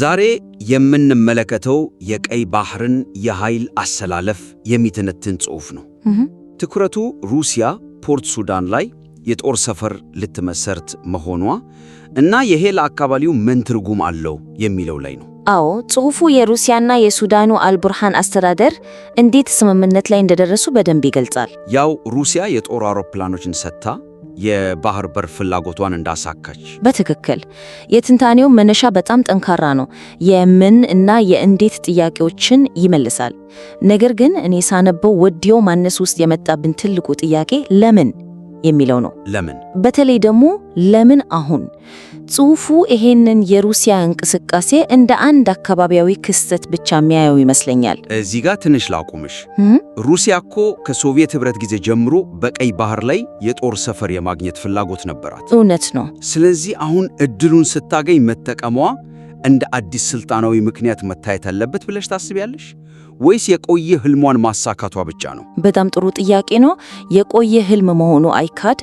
ዛሬ የምንመለከተው የቀይ ባህርን የኃይል አሰላለፍ የሚተነትን ጽሑፍ ነው። ትኩረቱ ሩሲያ ፖርት ሱዳን ላይ የጦር ሰፈር ልትመሰርት መሆኗ እና የሄላ አካባቢው ምን ትርጉም አለው የሚለው ላይ ነው። አዎ ጽሑፉ የሩሲያና የሱዳኑ አልቡርሃን አስተዳደር እንዴት ስምምነት ላይ እንደደረሱ በደንብ ይገልጻል። ያው ሩሲያ የጦር አውሮፕላኖችን ሰጥታ የባህር በር ፍላጎቷን እንዳሳካች በትክክል የትንታኔው መነሻ በጣም ጠንካራ ነው። የምን እና የእንዴት ጥያቄዎችን ይመልሳል። ነገር ግን እኔ ሳነበው ወዲያው ማነስ ውስጥ የመጣብን ትልቁ ጥያቄ ለምን የሚለው ነው። ለምን በተለይ ደግሞ ለምን አሁን ጽሑፉ ይሄንን የሩሲያ እንቅስቃሴ እንደ አንድ አካባቢያዊ ክስተት ብቻ የሚያየው ይመስለኛል። እዚህ ጋር ትንሽ ላቁምሽ። ሩሲያ እኮ ከሶቪየት ኅብረት ጊዜ ጀምሮ በቀይ ባህር ላይ የጦር ሰፈር የማግኘት ፍላጎት ነበራት። እውነት ነው። ስለዚህ አሁን እድሉን ስታገኝ መጠቀሟ እንደ አዲስ ስልጣናዊ ምክንያት መታየት አለበት ብለሽ ታስቢያለሽ? ወይስ የቆየ ህልሟን ማሳካቷ ብቻ ነው? በጣም ጥሩ ጥያቄ ነው። የቆየ ህልም መሆኑ አይካድ፣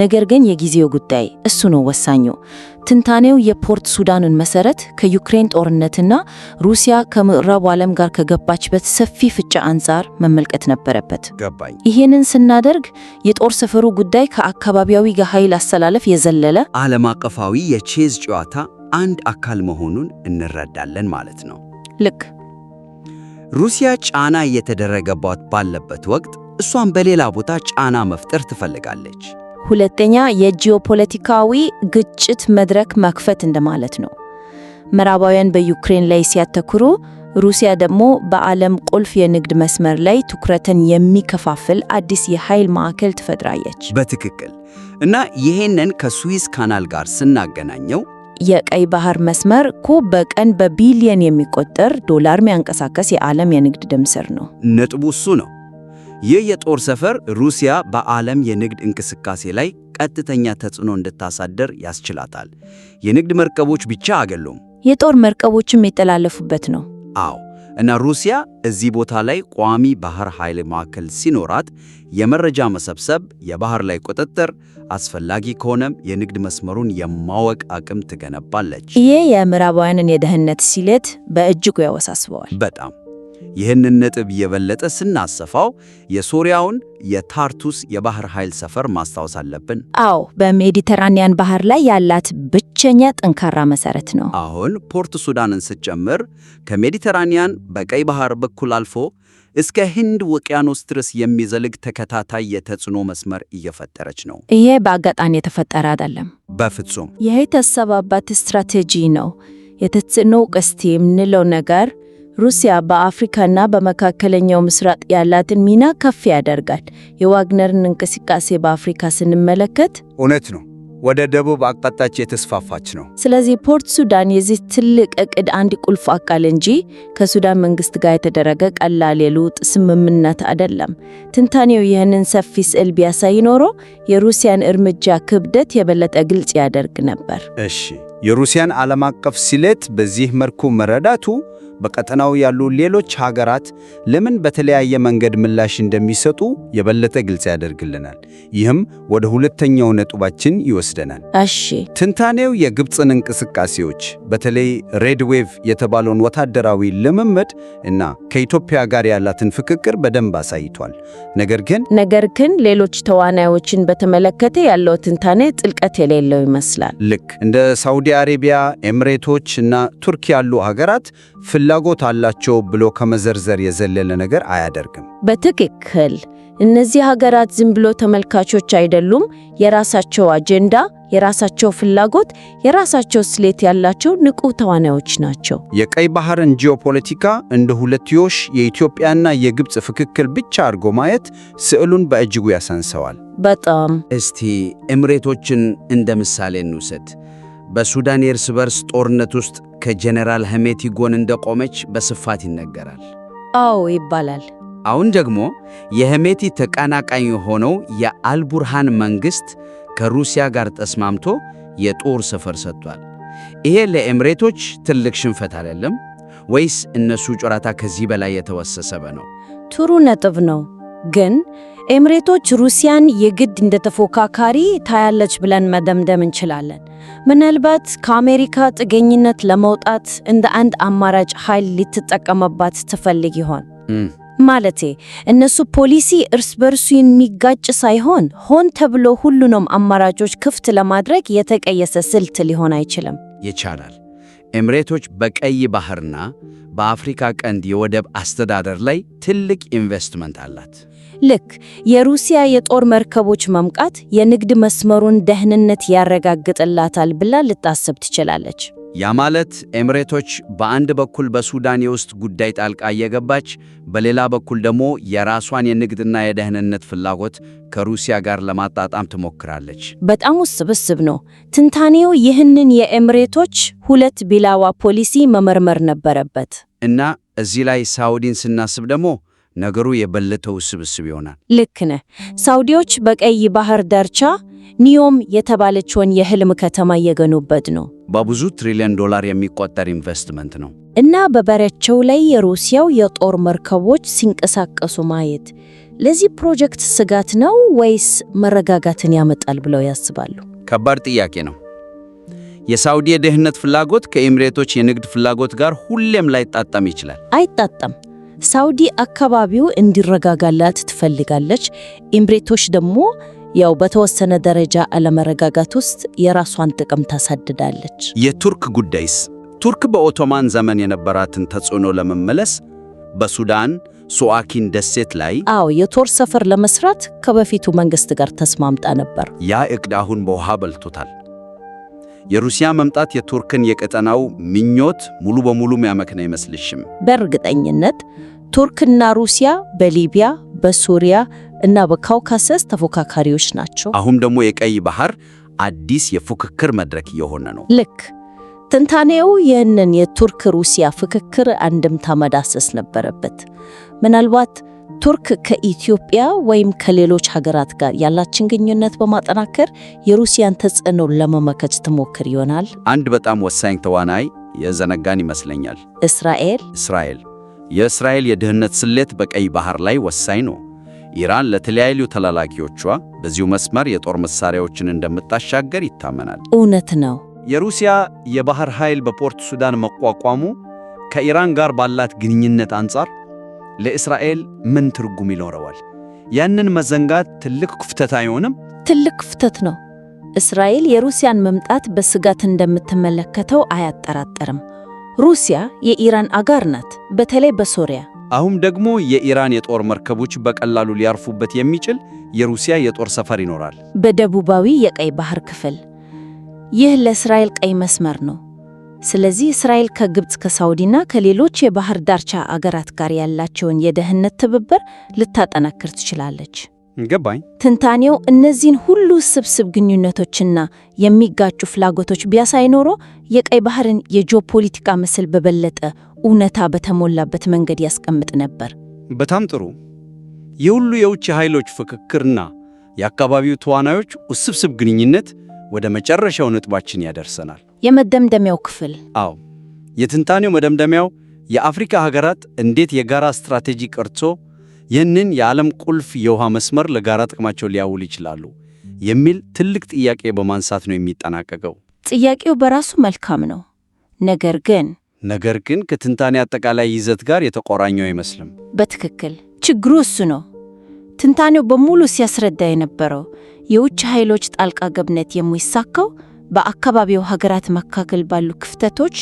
ነገር ግን የጊዜው ጉዳይ እሱ ነው ወሳኙ። ትንታኔው የፖርት ሱዳንን መሰረት ከዩክሬን ጦርነትና ሩሲያ ከምዕራቡ ዓለም ጋር ከገባችበት ሰፊ ፍጫ አንጻር መመልከት ነበረበት። ገባኝ። ይህንን ስናደርግ የጦር ሰፈሩ ጉዳይ ከአካባቢያዊ ኃይል አሰላለፍ የዘለለ ዓለም አቀፋዊ የቼዝ ጨዋታ አንድ አካል መሆኑን እንረዳለን ማለት ነው። ልክ ሩሲያ ጫና እየተደረገባት ባለበት ወቅት እሷን በሌላ ቦታ ጫና መፍጠር ትፈልጋለች። ሁለተኛ የጂኦፖለቲካዊ ግጭት መድረክ መክፈት እንደማለት ነው። ምዕራባውያን በዩክሬን ላይ ሲያተኩሩ፣ ሩሲያ ደግሞ በዓለም ቁልፍ የንግድ መስመር ላይ ትኩረትን የሚከፋፍል አዲስ የኃይል ማዕከል ትፈጥራለች። በትክክል እና ይሄንን ከሱዌዝ ካናል ጋር ስናገናኘው የቀይ ባህር መስመር እኮ በቀን በቢሊየን የሚቆጠር ዶላር የሚያንቀሳቀስ የዓለም የንግድ ደም ስር ነው። ነጥቡ እሱ ነው። ይህ የጦር ሰፈር ሩሲያ በዓለም የንግድ እንቅስቃሴ ላይ ቀጥተኛ ተጽዕኖ እንድታሳደር ያስችላታል። የንግድ መርከቦች ብቻ አይደሉም፣ የጦር መርከቦችም የተላለፉበት ነው። አዎ እና ሩሲያ እዚህ ቦታ ላይ ቋሚ ባህር ኃይል ማዕከል ሲኖራት የመረጃ መሰብሰብ፣ የባህር ላይ ቁጥጥር አስፈላጊ ከሆነም የንግድ መስመሩን የማወቅ አቅም ትገነባለች። ይሄ የምዕራባውያንን የደህንነት ሲሌት በእጅጉ ያወሳስበዋል። በጣም ይህንን ነጥብ የበለጠ ስናሰፋው የሶሪያውን የታርቱስ የባህር ኃይል ሰፈር ማስታወስ አለብን። አዎ፣ በሜዲተራኒያን ባህር ላይ ያላት ብቸኛ ጠንካራ መሰረት ነው። አሁን ፖርት ሱዳንን ስትጨምር ከሜዲተራኒያን በቀይ ባህር በኩል አልፎ እስከ ህንድ ውቅያኖስ ድረስ የሚዘልግ ተከታታይ የተጽዕኖ መስመር እየፈጠረች ነው። ይሄ በአጋጣሚ የተፈጠረ አይደለም፣ በፍጹም። ይሄ የተሰባበት ስትራቴጂ ነው። የተጽዕኖ ቀስት የምንለው ነገር ሩሲያ በአፍሪካና በመካከለኛው ምስራቅ ያላትን ሚና ከፍ ያደርጋል። የዋግነርን እንቅስቃሴ በአፍሪካ ስንመለከት እውነት ነው ወደ ደቡብ አቅጣጫች የተስፋፋች ነው። ስለዚህ ፖርት ሱዳን የዚህ ትልቅ እቅድ አንድ ቁልፍ አካል እንጂ ከሱዳን መንግስት ጋር የተደረገ ቀላል የልውጥ ስምምነት አይደለም። ትንታኔው ይህንን ሰፊ ስዕል ቢያሳይ ኖሮ የሩሲያን እርምጃ ክብደት የበለጠ ግልጽ ያደርግ ነበር። እሺ የሩሲያን ዓለም አቀፍ ስሌት በዚህ መልኩ መረዳቱ በቀጠናው ያሉ ሌሎች ሀገራት ለምን በተለያየ መንገድ ምላሽ እንደሚሰጡ የበለጠ ግልጽ ያደርግልናል። ይህም ወደ ሁለተኛው ነጥባችን ይወስደናል። እሺ፣ ትንታኔው የግብፅን እንቅስቃሴዎች በተለይ ሬድ ዌቭ የተባለውን ወታደራዊ ልምምድ እና ከኢትዮጵያ ጋር ያላትን ፍክክር በደንብ አሳይቷል። ነገር ግን ነገር ግን ሌሎች ተዋናዮችን በተመለከተ ያለው ትንታኔ ጥልቀት የሌለው ይመስላል። ልክ እንደ ሳውዲ አረቢያ፣ ኤምሬቶች እና ቱርክ ያሉ ሀገራት ፍላጎት አላቸው ብሎ ከመዘርዘር የዘለለ ነገር አያደርግም። በትክክል እነዚህ ሀገራት ዝም ብሎ ተመልካቾች አይደሉም። የራሳቸው አጀንዳ፣ የራሳቸው ፍላጎት፣ የራሳቸው ስሌት ያላቸው ንቁ ተዋናዮች ናቸው። የቀይ ባህርን ጂኦፖለቲካ እንደ ሁለትዮሽ የኢትዮጵያና የግብፅ ፍክክል ብቻ አድርጎ ማየት ስዕሉን በእጅጉ ያሳንሰዋል። በጣም እስቲ ኤምሬቶችን እንደ ምሳሌ እንውሰድ። በሱዳን የእርስ በርስ ጦርነት ውስጥ ከጀነራል ሐሜቲ ጎን እንደቆመች በስፋት ይነገራል። አዎ ይባላል። አሁን ደግሞ የሐሜቲ ተቀናቃኝ የሆነው የአልቡርሃን መንግሥት ከሩሲያ ጋር ተስማምቶ የጦር ሰፈር ሰጥቷል። ይሄ ለኤምሬቶች ትልቅ ሽንፈት አይደለም ወይስ? እነሱ ጨዋታ ከዚህ በላይ የተወሰሰበ ነው? ጥሩ ነጥብ ነው። ግን ኤምሬቶች ሩሲያን የግድ እንደ ተፎካካሪ ታያለች ብለን መደምደም እንችላለን። ምናልባት ከአሜሪካ ጥገኝነት ለመውጣት እንደ አንድ አማራጭ ኃይል ልትጠቀመባት ትፈልግ ይሆን? ማለቴ እነሱ ፖሊሲ እርስ በርሱ የሚጋጭ ሳይሆን ሆን ተብሎ ሁሉንም አማራጮች ክፍት ለማድረግ የተቀየሰ ስልት ሊሆን አይችልም። ይቻላል ኤምሬቶች በቀይ ባህርና በአፍሪካ ቀንድ የወደብ አስተዳደር ላይ ትልቅ ኢንቨስትመንት አላት። ልክ የሩሲያ የጦር መርከቦች መምቃት የንግድ መስመሩን ደህንነት ያረጋግጥላታል ብላ ልታስብ ትችላለች። ያ ማለት ኤምሬቶች በአንድ በኩል በሱዳን የውስጥ ጉዳይ ጣልቃ እየገባች በሌላ በኩል ደግሞ የራሷን የንግድና የደህንነት ፍላጎት ከሩሲያ ጋር ለማጣጣም ትሞክራለች። በጣም ውስብስብ ነው። ትንታኔው ይህንን የኤምሬቶች ሁለት ቢላዋ ፖሊሲ መመርመር ነበረበት እና እዚህ ላይ ሳውዲን ስናስብ ደግሞ ነገሩ የበለጠ ውስብስብ ይሆናል። ልክ ነህ። ሳውዲዎች በቀይ ባህር ዳርቻ ኒዮም የተባለችውን የህልም ከተማ እየገኑበት ነው። በብዙ ትሪሊዮን ዶላር የሚቆጠር ኢንቨስትመንት ነው እና በበረቸው ላይ የሩሲያው የጦር መርከቦች ሲንቀሳቀሱ ማየት ለዚህ ፕሮጀክት ስጋት ነው ወይስ መረጋጋትን ያመጣል ብለው ያስባሉ? ከባድ ጥያቄ ነው። የሳውዲ የደህንነት ፍላጎት ከኤምሬቶች የንግድ ፍላጎት ጋር ሁሌም ላይጣጣም ይችላል። አይጣጣም። ሳውዲ አካባቢው እንዲረጋጋላት ትፈልጋለች። ኢምሬቶች ደግሞ ያው በተወሰነ ደረጃ አለመረጋጋት ውስጥ የራሷን ጥቅም ታሳድዳለች። የቱርክ ጉዳይስ? ቱርክ በኦቶማን ዘመን የነበራትን ተጽዕኖ ለመመለስ በሱዳን ሱዋኪን ደሴት ላይ አዎ የጦር ሰፈር ለመስራት ከበፊቱ መንግስት ጋር ተስማምጣ ነበር። ያ እቅድ አሁን በውሃ በልቶታል። የሩሲያ መምጣት የቱርክን የቀጠናው ምኞት ሙሉ በሙሉ የሚያመክን አይመስልሽም? በእርግጠኝነት ቱርክና ሩሲያ በሊቢያ፣ በሱሪያ እና በካውካሰስ ተፎካካሪዎች ናቸው። አሁን ደግሞ የቀይ ባህር አዲስ የፉክክር መድረክ እየሆነ ነው። ልክ ትንታኔው ይህንን የቱርክ ሩሲያ ፍክክር አንድምታ መዳሰስ ነበረበት። ምናልባት ቱርክ ከኢትዮጵያ ወይም ከሌሎች ሀገራት ጋር ያላችን ግንኙነት በማጠናከር የሩሲያን ተጽዕኖ ለመመከት ትሞክር ይሆናል። አንድ በጣም ወሳኝ ተዋናይ የዘነጋን ይመስለኛል፣ እስራኤል። እስራኤል የእስራኤል የድህነት ስሌት በቀይ ባህር ላይ ወሳኝ ነው። ኢራን ለተለያዩ ተላላኪዎቿ በዚሁ መስመር የጦር መሳሪያዎችን እንደምታሻገር ይታመናል። እውነት ነው። የሩሲያ የባህር ኃይል በፖርት ሱዳን መቋቋሙ ከኢራን ጋር ባላት ግንኙነት አንጻር ለእስራኤል ምን ትርጉም ይኖረዋል? ያንን መዘንጋት ትልቅ ክፍተት አይሆንም? ትልቅ ክፍተት ነው። እስራኤል የሩሲያን መምጣት በስጋት እንደምትመለከተው አያጠራጠርም። ሩሲያ የኢራን አጋር ናት፣ በተለይ በሶሪያ። አሁን ደግሞ የኢራን የጦር መርከቦች በቀላሉ ሊያርፉበት የሚችል የሩሲያ የጦር ሰፈር ይኖራል በደቡባዊ የቀይ ባህር ክፍል። ይህ ለእስራኤል ቀይ መስመር ነው። ስለዚህ እስራኤል ከግብፅ ከሳውዲና ከሌሎች የባህር ዳርቻ አገራት ጋር ያላቸውን የደህንነት ትብብር ልታጠናክር ትችላለች። ገባኝ። ትንታኔው እነዚህን ሁሉ ስብስብ ግንኙነቶችና የሚጋጩ ፍላጎቶች ቢያሳይ ኖሮ የቀይ ባህርን የጂኦፖለቲካ ምስል በበለጠ እውነታ በተሞላበት መንገድ ያስቀምጥ ነበር። በጣም ጥሩ። የሁሉ የውጭ ኃይሎች ፍክክርና የአካባቢው ተዋናዮች ውስብስብ ግንኙነት ወደ መጨረሻው ነጥባችን ያደርሰናል። የመደምደሚያው ክፍል። አዎ የትንታኔው መደምደሚያው የአፍሪካ ሀገራት እንዴት የጋራ ስትራቴጂ ቀርጾ ይህንን የዓለም ቁልፍ የውሃ መስመር ለጋራ ጥቅማቸው ሊያውል ይችላሉ የሚል ትልቅ ጥያቄ በማንሳት ነው የሚጠናቀቀው። ጥያቄው በራሱ መልካም ነው፣ ነገር ግን ነገር ግን ከትንታኔ አጠቃላይ ይዘት ጋር የተቆራኘው አይመስልም። በትክክል ችግሩ እሱ ነው። ትንታኔው በሙሉ ሲያስረዳ የነበረው የውጭ ኃይሎች ጣልቃ ገብነት የሚሳካው በአካባቢው ሀገራት መካከል ባሉ ክፍተቶች፣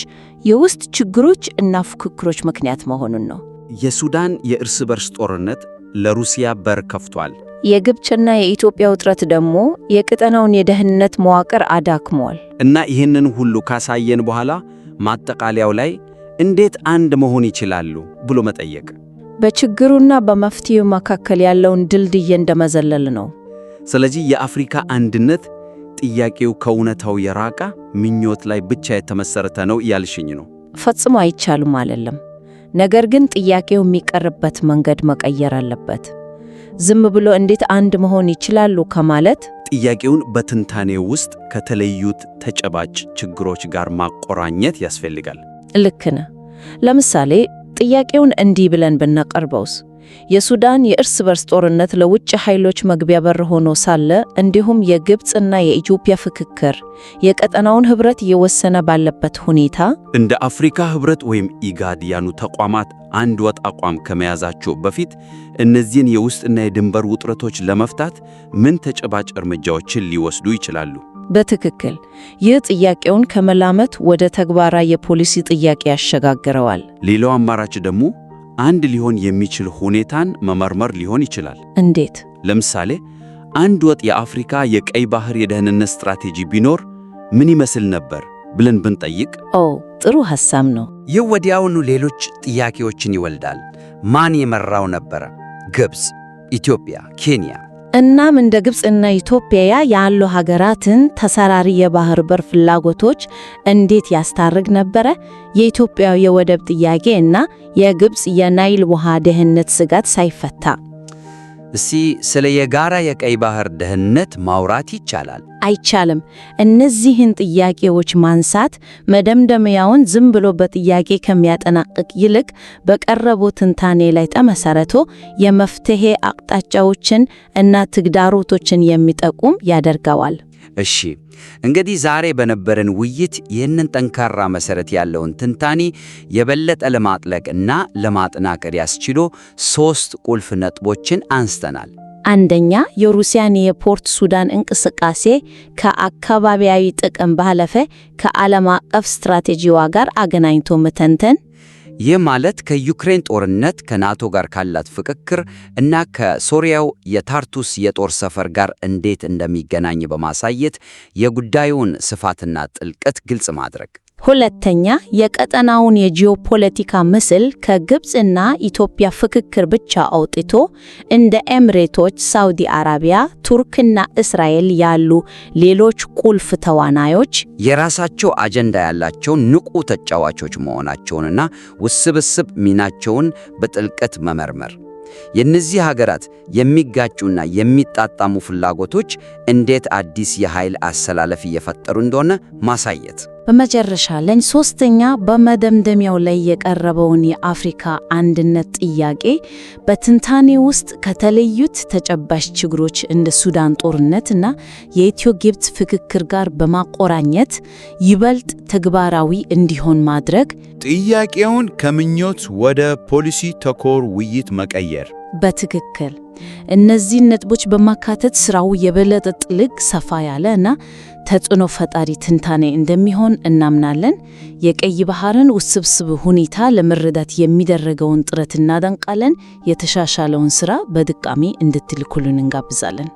የውስጥ ችግሮች እና ፉክክሮች ምክንያት መሆኑን ነው። የሱዳን የእርስ በርስ ጦርነት ለሩሲያ በር ከፍቷል። የግብፅና የኢትዮጵያ ውጥረት ደግሞ የቀጠናውን የደህንነት መዋቅር አዳክሟል። እና ይህንን ሁሉ ካሳየን በኋላ ማጠቃለያው ላይ እንዴት አንድ መሆን ይችላሉ ብሎ መጠየቅ በችግሩና በመፍትሄው መካከል ያለውን ድልድይ እንደመዘለል ነው። ስለዚህ የአፍሪካ አንድነት ጥያቄው ከእውነታው የራቀ ምኞት ላይ ብቻ የተመሰረተ ነው እያልሽኝ ነው። ፈጽሞ አይቻልም አይደለም። ነገር ግን ጥያቄው የሚቀርበት መንገድ መቀየር አለበት። ዝም ብሎ እንዴት አንድ መሆን ይችላሉ ከማለት ጥያቄውን በትንታኔ ውስጥ ከተለዩት ተጨባጭ ችግሮች ጋር ማቆራኘት ያስፈልጋል። ልክ ነህ። ለምሳሌ ጥያቄውን እንዲህ ብለን ብናቀርበውስ የሱዳን የእርስ በርስ ጦርነት ለውጭ ኃይሎች መግቢያ በር ሆኖ ሳለ እንዲሁም የግብፅና የኢትዮጵያ ፍክክር የቀጠናውን ህብረት እየወሰነ ባለበት ሁኔታ እንደ አፍሪካ ህብረት ወይም ኢጋድ ያኑ ተቋማት አንድ ወጥ አቋም ከመያዛቸው በፊት እነዚህን የውስጥና የድንበር ውጥረቶች ለመፍታት ምን ተጨባጭ እርምጃዎችን ሊወስዱ ይችላሉ? በትክክል ይህ ጥያቄውን ከመላመት ወደ ተግባራዊ የፖሊሲ ጥያቄ ያሸጋግረዋል። ሌላው አማራጭ ደግሞ አንድ ሊሆን የሚችል ሁኔታን መመርመር ሊሆን ይችላል። እንዴት? ለምሳሌ አንድ ወጥ የአፍሪካ የቀይ ባህር የደህንነት ስትራቴጂ ቢኖር ምን ይመስል ነበር ብለን ብንጠይቅ። ኦ ጥሩ ሐሳብ ነው። ይህ ወዲያውኑ ሌሎች ጥያቄዎችን ይወልዳል። ማን የመራው ነበረ? ግብፅ፣ ኢትዮጵያ፣ ኬንያ እናም እንደ ግብፅና ኢትዮጵያ ያሉ ሀገራትን ተሰራሪ የባህር በር ፍላጎቶች እንዴት ያስታርግ ነበረ? የኢትዮጵያ የወደብ ጥያቄ እና የግብፅ የናይል ውሃ ደህንነት ስጋት ሳይፈታ እስቲ ስለ የጋራ የቀይ ባህር ደህንነት ማውራት ይቻላል? አይቻልም። እነዚህን ጥያቄዎች ማንሳት መደምደሚያውን ዝም ብሎ በጥያቄ ከሚያጠናቅቅ ይልቅ በቀረቡ ትንታኔ ላይ ተመሰረቶ የመፍትሄ አቅጣጫዎችን እና ትግዳሮቶችን የሚጠቁም ያደርገዋል። እሺ እንግዲህ ዛሬ በነበረን ውይይት ይህንን ጠንካራ መሰረት ያለውን ትንታኔ የበለጠ ለማጥለቅ እና ለማጠናከር ያስችሎ ሶስት ቁልፍ ነጥቦችን አንስተናል። አንደኛ የሩሲያን የፖርት ሱዳን እንቅስቃሴ ከአካባቢያዊ ጥቅም ባለፈ ከዓለም አቀፍ ስትራቴጂዋ ጋር አገናኝቶ መተንተን። ይህ ማለት ከዩክሬን ጦርነት ከናቶ ጋር ካላት ፍክክር እና ከሶሪያው የታርቱስ የጦር ሰፈር ጋር እንዴት እንደሚገናኝ በማሳየት የጉዳዩን ስፋትና ጥልቀት ግልጽ ማድረግ ሁለተኛ፣ የቀጠናውን የጂኦፖለቲካ ምስል ከግብፅና ኢትዮጵያ ፍክክር ብቻ አውጥቶ እንደ ኤምሬቶች፣ ሳውዲ አረቢያ፣ ቱርክና እስራኤል ያሉ ሌሎች ቁልፍ ተዋናዮች የራሳቸው አጀንዳ ያላቸው ንቁ ተጫዋቾች መሆናቸውንና ውስብስብ ሚናቸውን በጥልቀት መመርመር የእነዚህ ሀገራት የሚጋጩና የሚጣጣሙ ፍላጎቶች እንዴት አዲስ የኃይል አሰላለፍ እየፈጠሩ እንደሆነ ማሳየት በመጨረሻ ለኝ ሶስተኛ በመደምደሚያው ላይ የቀረበውን የአፍሪካ አንድነት ጥያቄ በትንታኔ ውስጥ ከተለዩት ተጨባሽ ችግሮች እንደ ሱዳን ጦርነት እና የኢትዮ ግብፅ ፍክክር ጋር በማቆራኘት ይበልጥ ተግባራዊ እንዲሆን ማድረግ ጥያቄውን ከምኞት ወደ ፖሊሲ ተኮር ውይይት መቀየር በትክክል እነዚህን ነጥቦች በማካተት ስራው የበለጠ ጥልቅ፣ ሰፋ ያለ እና ተጽዕኖ ፈጣሪ ትንታኔ እንደሚሆን እናምናለን። የቀይ ባህርን ውስብስብ ሁኔታ ለመረዳት የሚደረገውን ጥረት እናደንቃለን። የተሻሻለውን ስራ በድቃሚ እንድትልኩልን እንጋብዛለን።